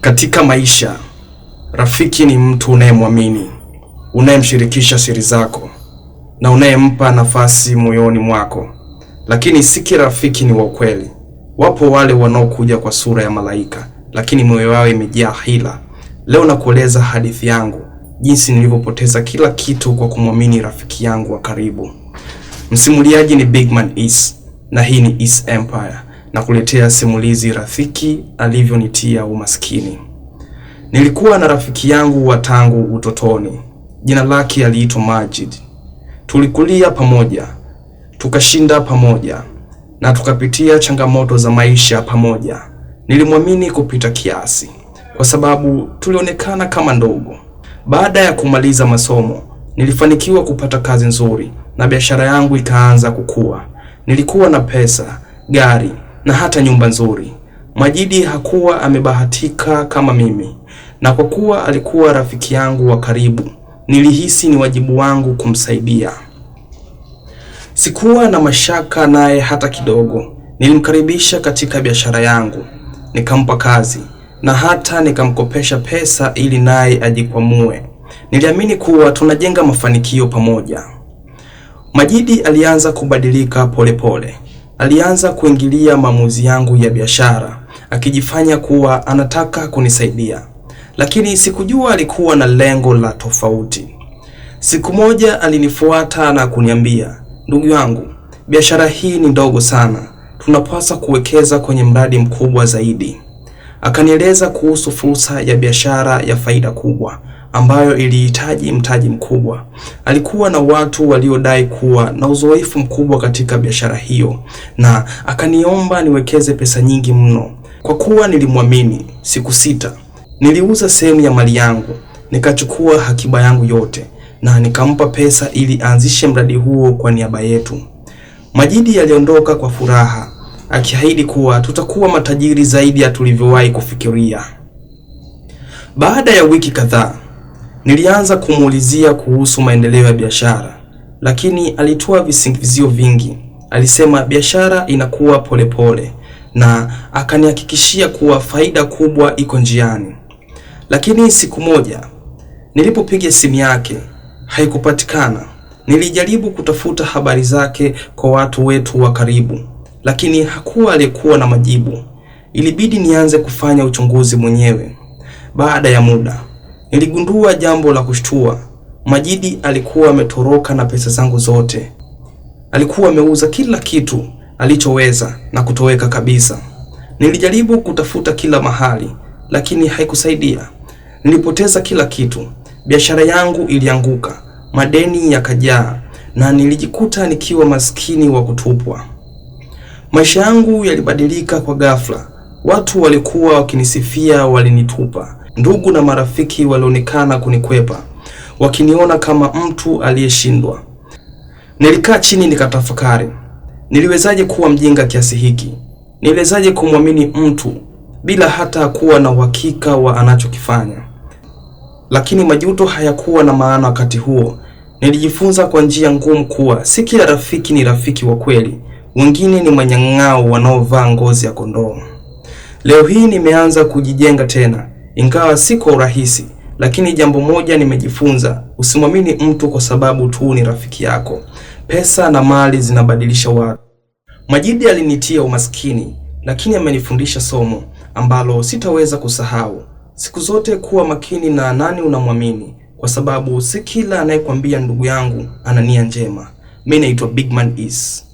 Katika maisha, rafiki ni mtu unayemwamini, unayemshirikisha siri zako na unayempa nafasi moyoni mwako. Lakini si kila rafiki ni wa ukweli. Wapo wale wanaokuja kwa sura ya malaika, lakini moyo wao imejaa hila. Leo nakueleza hadithi yangu, jinsi nilivyopoteza kila kitu kwa kumwamini rafiki yangu wa karibu. Msimuliaji ni Bigman East na hii ni East Empire na kuletea simulizi rafiki alivyonitia umaskini. Nilikuwa na rafiki yangu wa tangu utotoni, jina lake aliitwa Majid. Tulikulia pamoja, tukashinda pamoja na tukapitia changamoto za maisha pamoja. Nilimwamini kupita kiasi kwa sababu tulionekana kama ndogo. Baada ya kumaliza masomo, nilifanikiwa kupata kazi nzuri na biashara yangu ikaanza kukua. Nilikuwa na pesa, gari na hata nyumba nzuri. Majidi hakuwa amebahatika kama mimi, na kwa kuwa alikuwa rafiki yangu wa karibu, nilihisi ni wajibu wangu kumsaidia. Sikuwa na mashaka naye hata kidogo. Nilimkaribisha katika biashara yangu, nikampa kazi na hata nikamkopesha pesa ili naye ajikwamue. Niliamini kuwa tunajenga mafanikio pamoja. Majidi alianza kubadilika polepole pole. Alianza kuingilia maamuzi yangu ya biashara akijifanya kuwa anataka kunisaidia, lakini sikujua alikuwa na lengo la tofauti. Siku moja alinifuata na kuniambia, ndugu yangu, biashara hii ni ndogo sana, tunapaswa kuwekeza kwenye mradi mkubwa zaidi. Akanieleza kuhusu fursa ya biashara ya faida kubwa ambayo ilihitaji mtaji mkubwa. Alikuwa na watu waliodai kuwa na uzoefu mkubwa katika biashara hiyo, na akaniomba niwekeze pesa nyingi mno. Kwa kuwa nilimwamini, siku sita niliuza sehemu ya mali yangu, nikachukua hakiba yangu yote na nikampa pesa ili aanzishe mradi huo kwa niaba yetu. Majidi aliondoka kwa furaha akiahidi kuwa tutakuwa matajiri zaidi ya tulivyowahi kufikiria. Baada ya wiki kadhaa Nilianza kumuulizia kuhusu maendeleo ya biashara, lakini alitoa visingizio vingi. Alisema biashara inakuwa polepole pole, na akanihakikishia kuwa faida kubwa iko njiani. Lakini siku moja nilipopiga simu yake haikupatikana. Nilijaribu kutafuta habari zake kwa watu wetu wa karibu, lakini hakuwa aliyekuwa na majibu. Ilibidi nianze kufanya uchunguzi mwenyewe. Baada ya muda Niligundua jambo la kushtua. Majidi alikuwa ametoroka na pesa zangu zote. Alikuwa ameuza kila kitu alichoweza na kutoweka kabisa. Nilijaribu kutafuta kila mahali, lakini haikusaidia. Nilipoteza kila kitu. Biashara yangu ilianguka, madeni yakajaa, na nilijikuta nikiwa maskini wa kutupwa. Maisha yangu yalibadilika kwa ghafla. Watu walikuwa wakinisifia, walinitupa Ndugu na marafiki walionekana kunikwepa, wakiniona kama mtu aliyeshindwa. Nilikaa chini nikatafakari, niliwezaje kuwa mjinga kiasi hiki? Niliwezaje kumwamini mtu bila hata kuwa na uhakika wa anachokifanya? Lakini majuto hayakuwa na maana wakati huo. Nilijifunza kwa njia ngumu kuwa si kila rafiki ni rafiki wa kweli. Wengine ni manyang'ao wanaovaa ngozi ya kondoo. Leo hii nimeanza kujijenga tena, ingawa si kwa urahisi, lakini jambo moja nimejifunza: usimwamini mtu kwa sababu tu ni rafiki yako. Pesa na mali zinabadilisha watu. Majidi alinitia umaskini, lakini amenifundisha somo ambalo sitaweza kusahau. Siku zote kuwa makini na nani unamwamini, kwa sababu si kila anayekwambia ndugu yangu ana nia njema. Mimi naitwa Bigman Is.